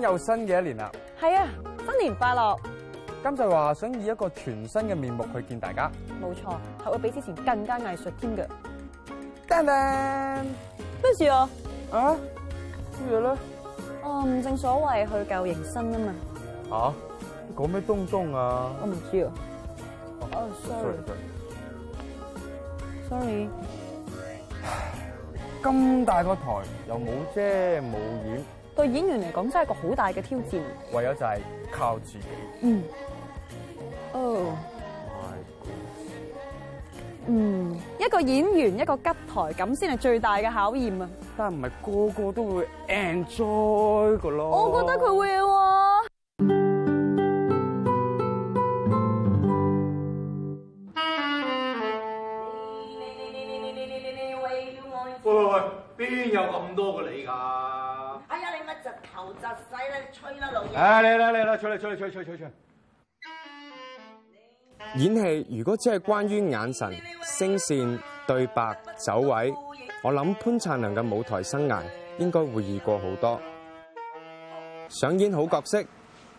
又新嘅一年啦，係啊，新年快樂！今集話想以一個全新嘅面目去見大家，冇錯，係會比之前更加藝術添嘅。噔噔，跟住咩事啊？呢啊？咩咧？哦，唔正所謂去舊迎新啊嘛？啊？講咩東東啊？我唔知啊。哦，sorry，sorry。咁大個台又冇遮冇掩。對演員嚟講，真係一個好大嘅挑戰。唯有就係靠自己。嗯。哦。太攰。嗯，一個演員一個吉台，咁先係最大嘅考驗啊！但係唔係個個都會 enjoy 㗎咯。我覺得佢會啊！喂喂喂，邊有咁多個你㗎？老吹、啊、啦，老嘢！嚟啦嚟啦，出嚟出嚟出嚟出嚟出嚟！演戲如果只係關於眼神、聲線、對白、走位，我諗潘燦良嘅舞台生涯應該會易過好多。想演好角色，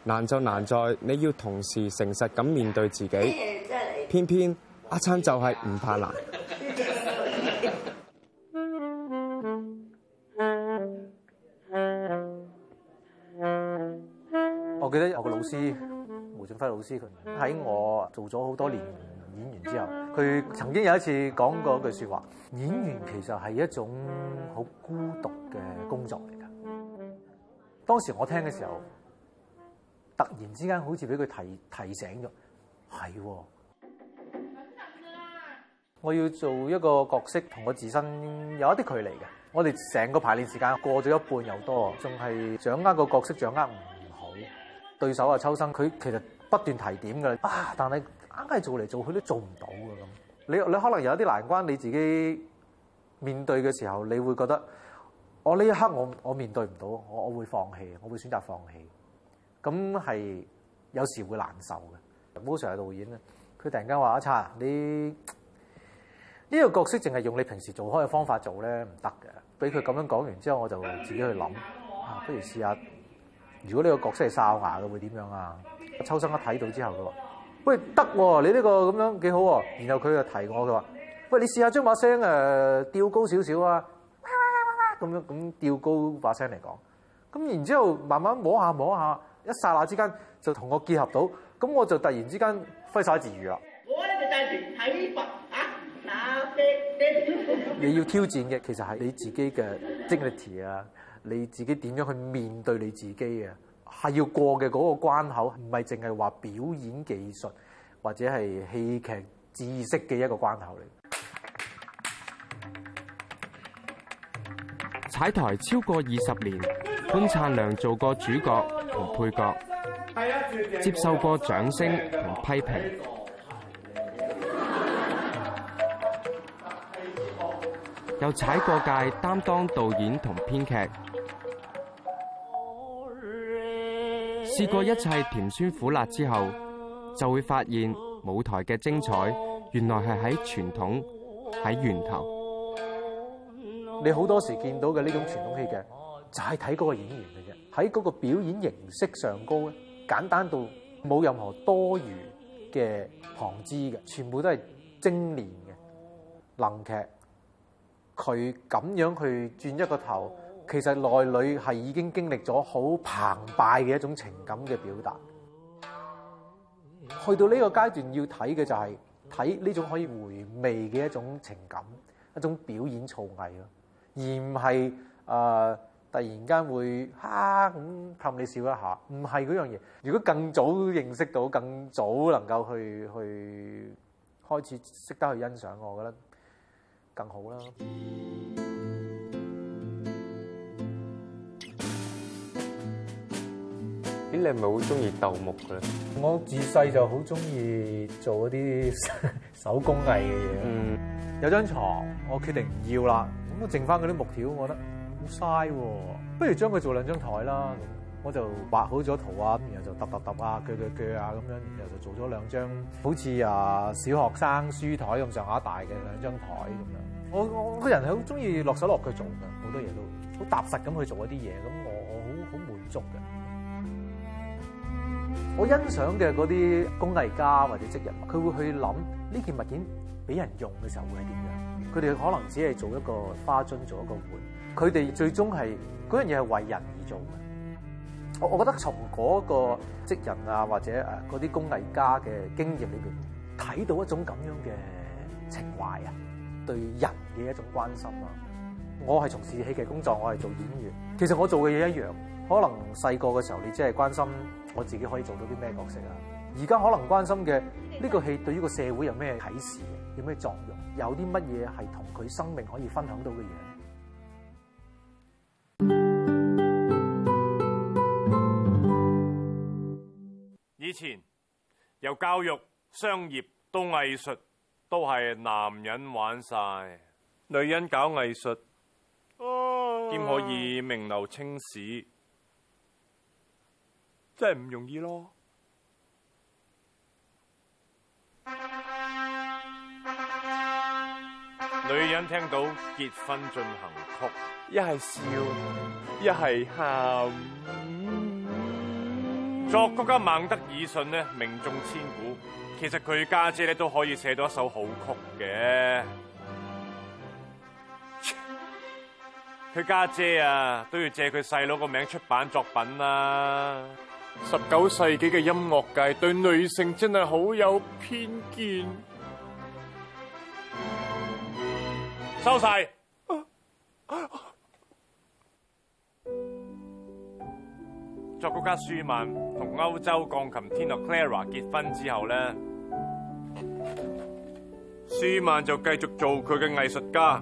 難就難在你要同時誠實咁面對自己，偏偏阿燦就係唔怕難。 我記得有個老師，毛俊輝老師，佢喺我做咗好多年演員之後，佢曾經有一次講過一句説話：演員其實係一種好孤獨嘅工作嚟㗎。當時我聽嘅時候，突然之間好似俾佢提提醒咗，係我要做一個角色，同我自身有一啲距離嘅。我哋成個排練時間過咗一半有多，仲係掌握個角色，掌握唔～對手啊，秋生佢其實不斷提點㗎，啊！但係硬係做嚟做去都做唔到㗎咁。你你可能有啲難關，你自己面對嘅時候，你會覺得我呢一刻我我面對唔到，我我會放棄，我會選擇放棄。咁係有時會難受嘅。Moses 係導演他啊，佢突然間話：啊，燦，你呢個角色淨係用你平時做開嘅方法做咧唔得嘅。俾佢咁樣講完之後，我就自己去諗啊，不如試下。如果你個角色係哨牙嘅，會點樣啊？秋生一睇到之後，佢話：喂，得喎，啊，你呢個咁樣幾好，啊。然後佢就提我，佢話：喂，你試下將把聲誒調高少少啊，咁哇哇哇樣咁調高把聲嚟講。咁然之後慢慢摸下摸下，一剎那之間就同我結合到，咁我就突然之間揮灑自如啦。我咧就睇啊，你要挑戰嘅，其實係你自己嘅精力啊。你自己點樣去面對你自己嘅，係要過嘅嗰個關口，唔係淨係話表演技術或者係戲劇知識嘅一個關口嚟。踩台超過二十年，潘燦良做過主角同配角，接受過掌聲同批評，又踩過界擔當導演同編劇。試過一切甜酸苦辣之後，就會發現舞台嘅精彩原來係喺傳統，喺源頭。你好多時見到嘅呢種傳統戲劇，就係睇嗰個演員嚟嘅，喺嗰個表演形式上高咧，簡單到冇任何多餘嘅旁枝嘅，全部都係精煉嘅。能劇，佢咁樣去轉一個頭。其實內裏係已經經歷咗好澎湃嘅一種情感嘅表達，去到呢個階段要睇嘅就係睇呢種可以回味嘅一種情感，一種表演造詣咯，而唔係誒突然間會嚇咁氹你笑一下，唔係嗰樣嘢。如果更早認識到，更早能夠去去開始識得去欣賞我，我覺得更好啦。你係咪好中意鬥木嘅？我自細就好中意做嗰啲手工藝嘅嘢。嗯，有張床我決定唔要啦，咁我剩翻嗰啲木條，我覺得好嘥喎，不如將佢做兩張台啦。我就畫好咗圖啊，然後就揼揼揼啊，鋸鋸鋸啊，咁樣，然後就做咗兩張，好似啊小學生書台咁上下大嘅兩張台咁樣。我我個人係好中意落手落腳做嘅，好多嘢都好踏實咁去做一啲嘢，咁我我好好滿足嘅。我欣賞嘅嗰啲工藝家或者職人，佢會去諗呢件物件俾人用嘅時候會係點樣。佢哋可能只係做一個花樽，做一個碗。佢哋最終係嗰樣嘢係為人而做嘅。我我覺得從嗰個職人啊，或者誒嗰啲工藝家嘅經驗裏邊，睇到一種咁樣嘅情懷啊，對人嘅一種關心啊。我係從事戲劇工作，我係做演員，其實我做嘅嘢一樣。可能細個嘅時候，你只係關心。我自己可以做到啲咩角色啊？而家可能關心嘅呢個戲對於個社會有咩啟示？有咩作用？有啲乜嘢係同佢生命可以分享到嘅嘢？以前由教育、商業到藝術，都係男人玩晒，女人搞藝術兼可以名留青史。Oh. 真係唔容易咯！女人聽到結婚進行曲，一係笑，一係喊。作曲家孟德爾遜咧，名重千古。其實佢家姐咧都可以寫到一首好曲嘅。佢家姐啊，都要借佢細佬個名出版作品啦，啊。十九世紀嘅音樂界對女性真係好有偏見。收晒。作曲家舒曼同歐洲鋼琴天后 Clara 結婚之後呢，舒曼就繼續做佢嘅藝術家，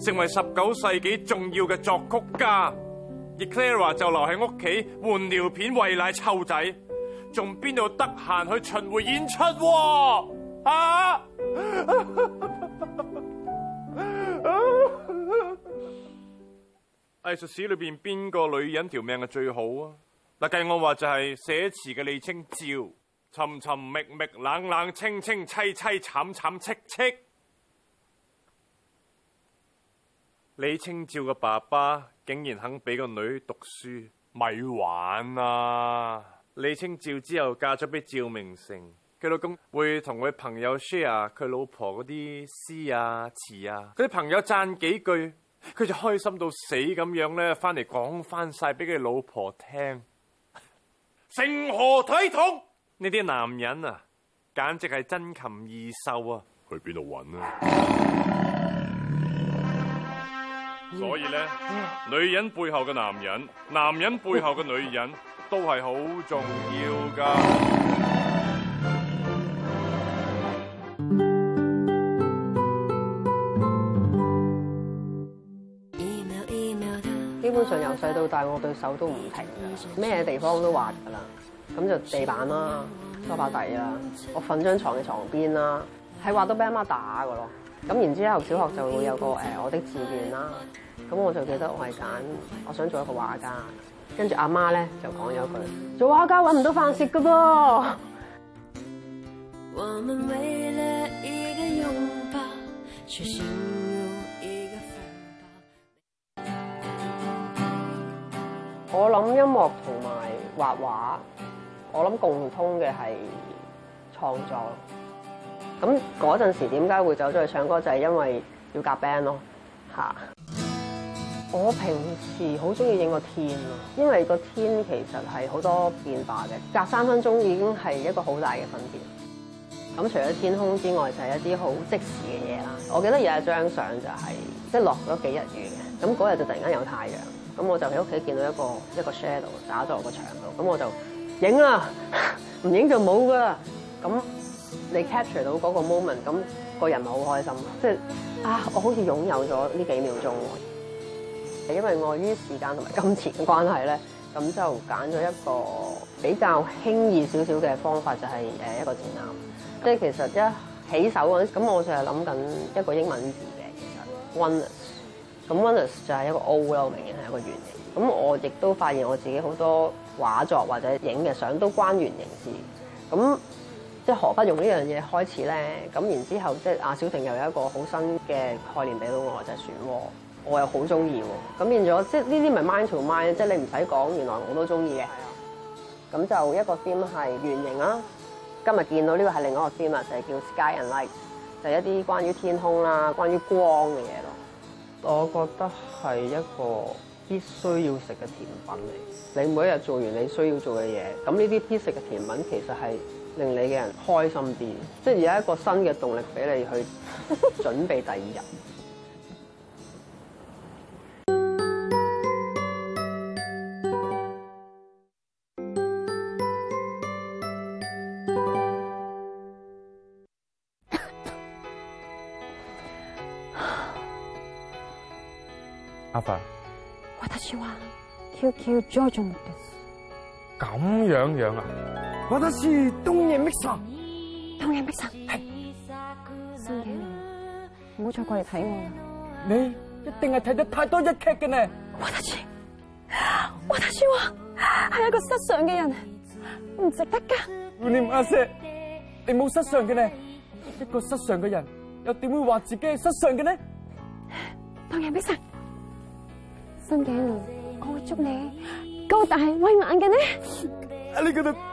成為十九世紀重要嘅作曲家。而 Clara 就留喺屋企換尿片喂奶湊仔，仲邊度得閒去巡回演出啊？啊！藝術 史裏邊邊個女人條命係最好啊？嗱，計我話就係寫詞嘅李清照，尋尋覓覓，冷冷清清，凄凄慘慘戚戚。慘慘慘慘李清照個爸爸竟然肯俾個女讀書，咪玩啊！李清照之後嫁咗俾趙明誠，佢老公會同佢朋友 share 佢老婆嗰啲詩啊詞啊，佢啲朋友讚幾句，佢就開心到死咁樣咧，翻嚟講翻晒俾佢老婆聽，成何體統？呢啲男人啊，簡直係珍禽異獸啊去！去邊度揾啊？所以咧，女人背後嘅男人，男人背後嘅女人都係好重要噶。基本上由細到大，我對手都唔停噶，咩地方都畫噶啦。咁就地板啦，拖把底啦，我瞓張床嘅床邊啦，係畫到俾阿媽打噶咯。咁然之後，小學就會有個、呃、我的志願啦。咁我就記得我係揀我想做一個畫家。跟住阿媽咧就講咗句：做畫家揾唔到飯食㗎噃。我諗音樂同埋畫畫，我諗共通嘅係創作。咁嗰陣時點解會走咗去唱歌？就係、是、因為要夾 band 咯，嚇！我平時好中意影個天咯，因為個天其實係好多變化嘅，隔三分鐘已經係一個好大嘅分別。咁除咗天空之外，就係一啲好即時嘅嘢啦。我記得有一張相就係、是、即落咗幾日雨嘅，咁嗰日就突然間有太陽，咁我就喺屋企見到一個一個 shadow 打咗落個牆度，咁我就影啦，唔 影就冇㗎啦，咁。你 capture 到嗰個 moment，咁個人咪好開心？即係啊，我好似擁有咗呢幾秒鐘。因為礙於時間同埋金錢嘅關係咧，咁就揀咗一個比較輕易少少嘅方法，就係誒一個字啱。即係其實一起手嗰陣，咁我就係諗緊一個英文字嘅其實，one。咁 one 就係一個 O 啦，明顯係一個圓形。咁我亦都發現我自己好多畫作或者影嘅相都關圓形字。咁即係何不用呢樣嘢開始咧？咁然之後，即阿小婷又有一個好新嘅概念俾到我，就係漩渦，我又好中意喎。咁變咗，即呢啲咪 mind to mind，即係你唔使講，原來我都中意嘅。咁係啊就一個 theme 係圓形啦。今日見到呢個係另外一個 theme 就係叫 Sky and Light，就係一啲關於天空啦、關於光嘅嘢咯。我覺得係一個必須要食嘅甜品嚟。你每一日做完你需要做嘅嘢，咁呢啲必食嘅甜品其實係。令你嘅人開心啲，即係有一個新嘅動力俾你去準備第二日。阿爸，我睇住話 QQ George Mendes 咁樣樣啊！我得是冬夜彌撒、er，冬夜彌撒。係，新紀年，唔好再過嚟睇我啦。你一定係睇得太多日劇嘅呢。我得是，我得是，我係一個失常嘅人，唔值得噶。你唔合適，你冇失常嘅呢。一個失常嘅人又點會話自己係失常嘅呢？冬夜彌撒，新紀年，我會祝你高大威猛嘅呢。啊！你覺得？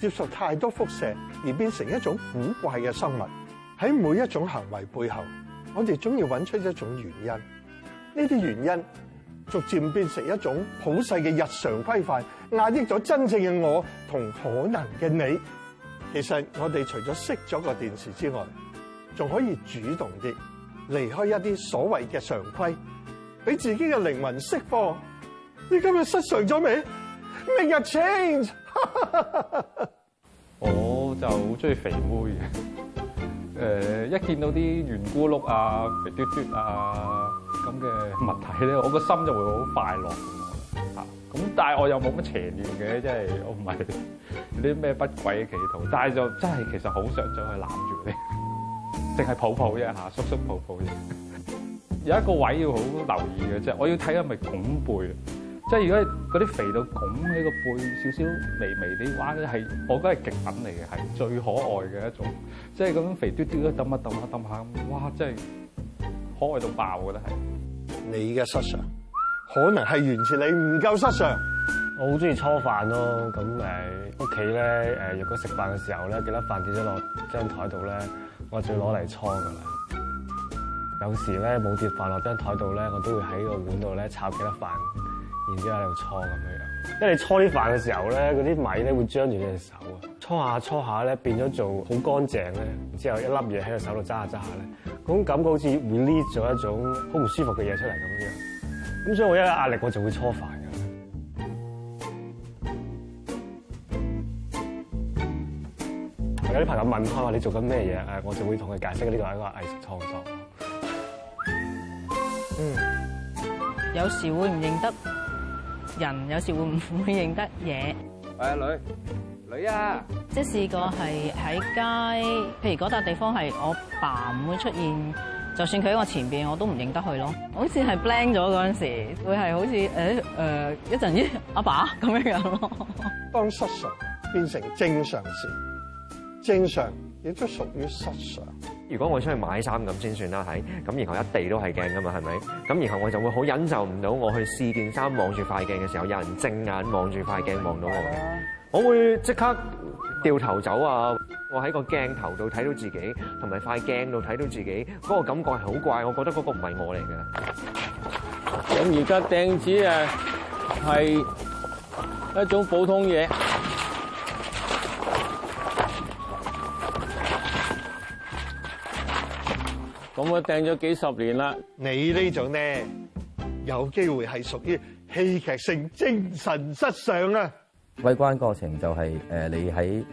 接受太多輻射而變成一種古怪嘅生物。喺每一種行為背後，我哋總要揾出一種原因。呢啲原因逐漸變成一種普世嘅日常規範，壓抑咗真正嘅我同可能嘅你。其實我哋除咗熄咗個電視之外，仲可以主動啲離開一啲所謂嘅常規，俾自己嘅靈魂釋放。你今日失常咗未？明日 change。 我就好中意肥妹嘅，誒，一見到啲圓咕碌啊、肥嘟嘟啊咁嘅物體咧，我個心就會好快樂吓。咁但係我又冇乜邪念嘅，即係我唔係啲咩不軌嘅企圖，但係就真係其實好想走去攬住你，淨係抱抱啫吓，叔叔抱抱啫。有一個位要好留意嘅即係，我要睇下係咪拱背。即係如果嗰啲肥到拱喺個背少少微微啲彎嘅，係我覺得係極品嚟嘅，係最可愛嘅一種。即係咁樣肥嘟嘟一揼一揼一揼下，哇！真係可愛到爆我覺得係。你嘅失常可能係完全你唔夠失常。我好中意搓飯咯，咁誒屋企咧誒，如果食飯嘅時候咧，幾粒飯跌咗落張台度咧，我就攞嚟搓㗎啦。有時咧冇跌飯落張台度咧，我都會喺個碗度咧炒幾粒飯。然之後又搓咁樣，因為你搓啲飯嘅時候咧，嗰啲米咧會將住你隻手啊，搓下搓下咧變咗做好乾淨咧，之後一粒嘢喺個手度揸下揸下咧，嗰種感覺好似會搣咗一種好唔舒服嘅嘢出嚟咁樣。咁所以我一有壓力我就會搓飯㗎。有啲朋友問我話你做緊咩嘢？誒，我就會同佢解釋呢個係一個藝術創作。嗯，有時會唔認得。人有時會唔會認得嘢？係啊，女女啊，即試過係喺街，譬如嗰笪地方係我爸唔會出現，就算佢喺我前面我都唔認得佢咯。好似係 blank 咗嗰陣時，會係好似、欸呃、一陣子阿、欸、爸咁樣囉。咯。當失常變成正常時，正常亦都屬於失常。如果我出去買衫咁先算啦，係咁，然後一地都係鏡㗎嘛，係咪？咁然後我就會好忍受唔到，我去試件衫望住塊鏡嘅時候，有人正眼望住塊鏡望到我，係咪？我會即刻掉頭走啊！我喺個鏡頭度睇到自己，同埋塊鏡度睇到自己，嗰個感覺係好怪，我覺得嗰個唔係我嚟嘅。咁而家鏡子啊，係一種普通嘢。我咪訂咗幾十年啦！你呢種咧，有機會係屬於戲劇性精神失常啦。圍觀過程就係誒，你喺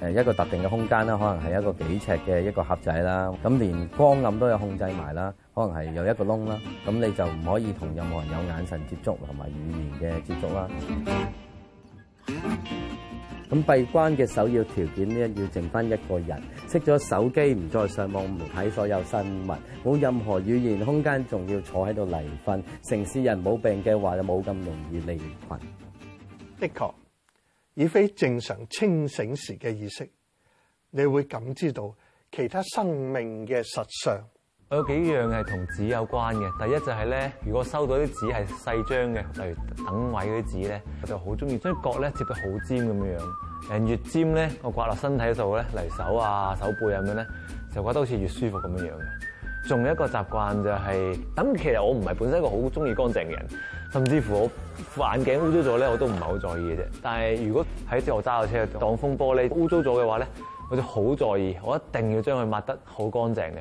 誒一個特定嘅空間啦，可能係一個幾尺嘅一個盒仔啦，咁連光暗都有控制埋啦，可能係有一個窿啦，咁你就唔可以同任何人有眼神接觸同埋語言嘅接觸啦。咁閉關嘅首要條件呢，要剩返一個人，熄咗手機，唔再上網，唔睇所有新聞，冇任何語言空間，仲要坐喺度嚟瞓。城市人冇病嘅話，就冇咁容易離群。的確，以非正常清醒時嘅意識，你會感知到其他生命嘅實相。有幾樣係同紙有關嘅。第一就係咧，如果收到啲紙係細張嘅，例如等位嗰啲紙咧，我就好中意將角咧折到好尖咁樣樣。越尖咧，我刮落身體度咧嚟手啊、手背啊咁樣咧，就覺得好似越舒服咁樣嘅。仲有一個習慣就係、是，咁其實我唔係本身一個好中意乾淨嘅人，甚至乎我副眼鏡污糟咗咧，我都唔係好在意嘅啫。但係如果喺即係我揸架車嘅擋風玻璃污糟咗嘅話咧，我就好在意，我一定要將佢抹得好乾淨嘅。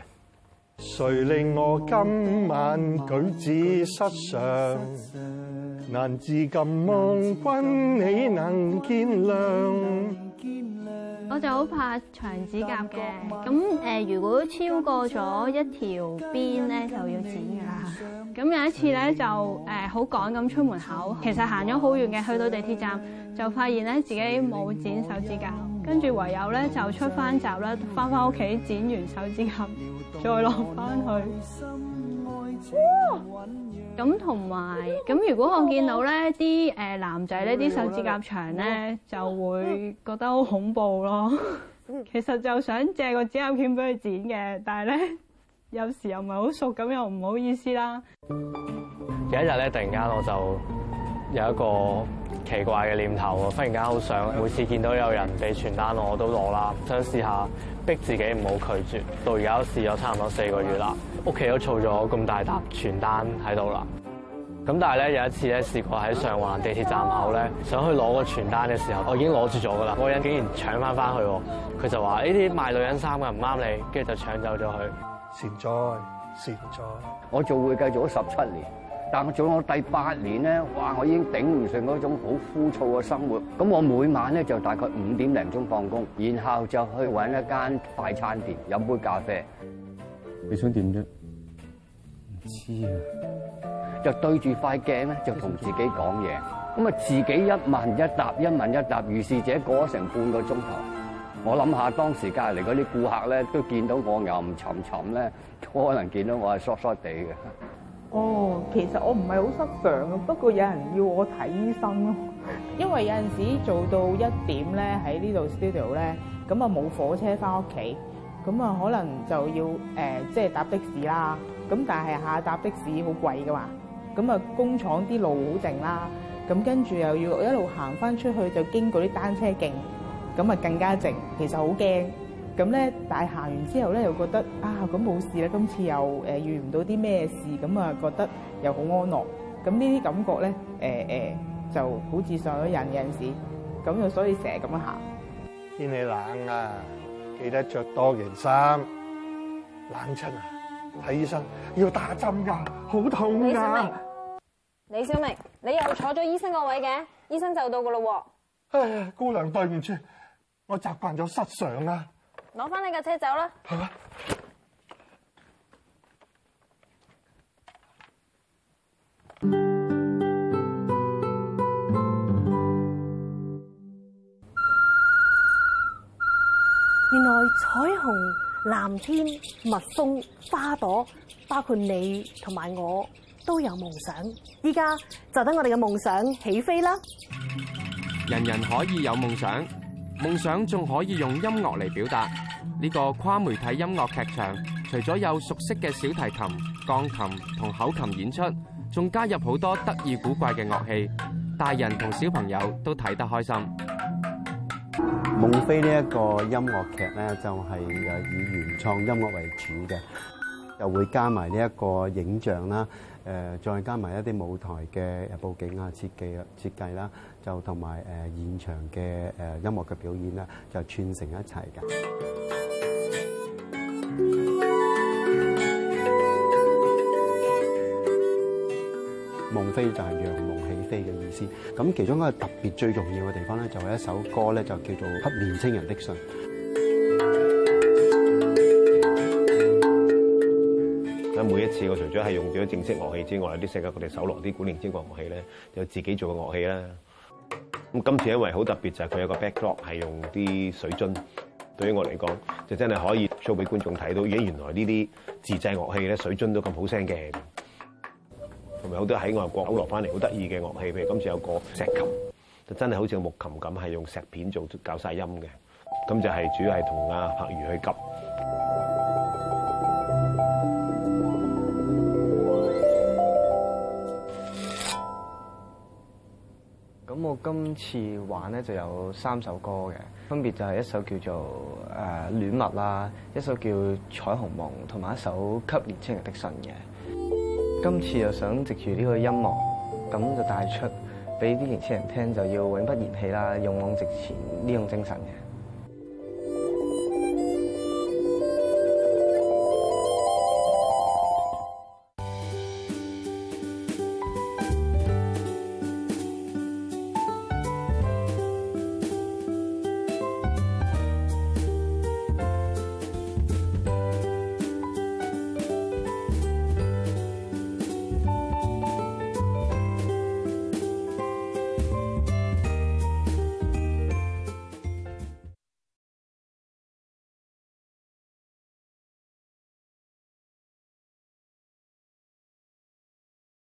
誰令我今晚舉止失常？難自禁望君豈能見諒。我就好怕長指甲嘅，咁誒、呃，如果超過咗一條邊咧，就要剪噶啦。咁有一次咧，就誒好、呃、趕咁出門口，其實行咗好遠嘅，去到地鐵站就發現咧自己冇剪手指甲。跟住唯有咧就出翻集啦，翻翻屋企剪完手指甲，再落翻去。咁同埋咁，如果我見到咧啲誒男仔呢啲手指甲長咧，就會覺得好恐怖咯。 其實就想借個指甲鉗俾佢剪嘅，但係咧有時又唔係好熟，咁又唔好意思啦。有一日咧，突然間我就，有一個奇怪嘅念頭喎，忽然間好想每次見到有人俾傳單，我都攞啦。想試下逼自己唔好拒絕，到而家都試咗差唔多四個月啦。屋企都儲咗咁大沓傳單喺度啦。咁但係咧，有一次咧，試過喺上環地鐵站口咧，想去攞個傳單嘅時候，我已經攞住咗㗎啦。嗰人竟然搶翻返去喎！佢就話：呢啲賣女人衫㗎，唔啱你。跟住就搶走咗佢。善哉善哉，我做會計做咗十七年。但我做我第八年咧，哇！我已經頂唔順嗰種好枯燥嘅生活。咁我每晚咧就大概五點零鐘放工，然後就去搵一間快餐店飲杯咖啡。你想點啫？唔知啊。就對住塊鏡咧，就同自己講嘢。咁啊，自己一問一答，一問一答，如是者過咗成半個鐘頭。我諗下當時隔離嗰啲顧客咧，都見到我吟沉沉咧，都可能見到我係索索哋嘅。哦，其實我唔係好失常嘅，不過有人要我睇醫生咯， 因為有陣時做到一點咧喺呢度 studio 咧，咁啊冇火車翻屋企，咁啊可能就要誒即係搭的士啦，咁但係下搭的士好貴噶嘛，咁啊工廠啲路好靜啦，咁跟住又要一路行翻出去就經過啲單車徑，咁啊更加靜，其實好驚。咁咧，但行完之後咧，又覺得啊，咁冇事咧。今次又、呃、遇唔到啲咩事，咁啊覺得又好安樂。咁呢啲感覺咧、呃呃，就好似上咗癮嘅陣時，咁又所以成日咁樣行。天氣冷啊，記得著多件衫。冷親啊，睇醫生要打針㗎、啊，好痛啊。李小明，李小明，你又坐咗醫生個位嘅，醫生就到㗎咯喎。唉、哎，姑娘對唔住，我習慣咗失常啊。攞翻你架車走啦！原來彩虹、藍天、蜜蜂、花朵，包括你同埋我都有夢想。依家就等我哋嘅夢想起飛啦！人人可以有夢想。夢想仲可以用音樂嚟表達，呢個跨媒體音樂劇場除咗有熟悉嘅小提琴、鋼琴同口琴演出，仲加入好多得意古怪嘅樂器，大人同小朋友都睇得開心。夢飛呢一個音樂劇呢，就係以原創音樂為主嘅。又會加埋呢一個影像啦，誒、呃，再加埋一啲舞台嘅佈景啊、設計啊、設計啦，就同埋誒現場嘅誒、呃、音樂嘅表演啦，就串成一齊嘅。夢飛就係讓夢起飛嘅意思。咁其中一個特別最重要嘅地方咧，就係一首歌咧，就叫做《給年青人的信》。每一次我除咗係用咗正式樂器之外，有啲世界我哋搜落啲古靈精怪樂器咧，有自己做嘅樂器啦。咁今次因為好特別，就係、是、佢有個 backdrop 係用啲水樽。對於我嚟講，就真係可以 show 俾觀眾睇到，咦，原來呢啲自製樂器咧，水樽都咁好聲嘅。同埋好多喺外國好落翻嚟，好得意嘅樂器，譬如今次有個石琴，就真係好似個木琴咁，係用石片做搞晒音嘅。咁就係主要係同阿柏如去急。我今次玩咧就有三首歌嘅，分別就係一首叫做誒呃《戀物》啦，一首叫《彩虹夢》，同埋一首《給年青人的信》嘅。嗯。今次又想藉住呢個音樂，咁就帶出俾啲年青人聽，就要永不言棄啦，勇往直前呢種精神嘅。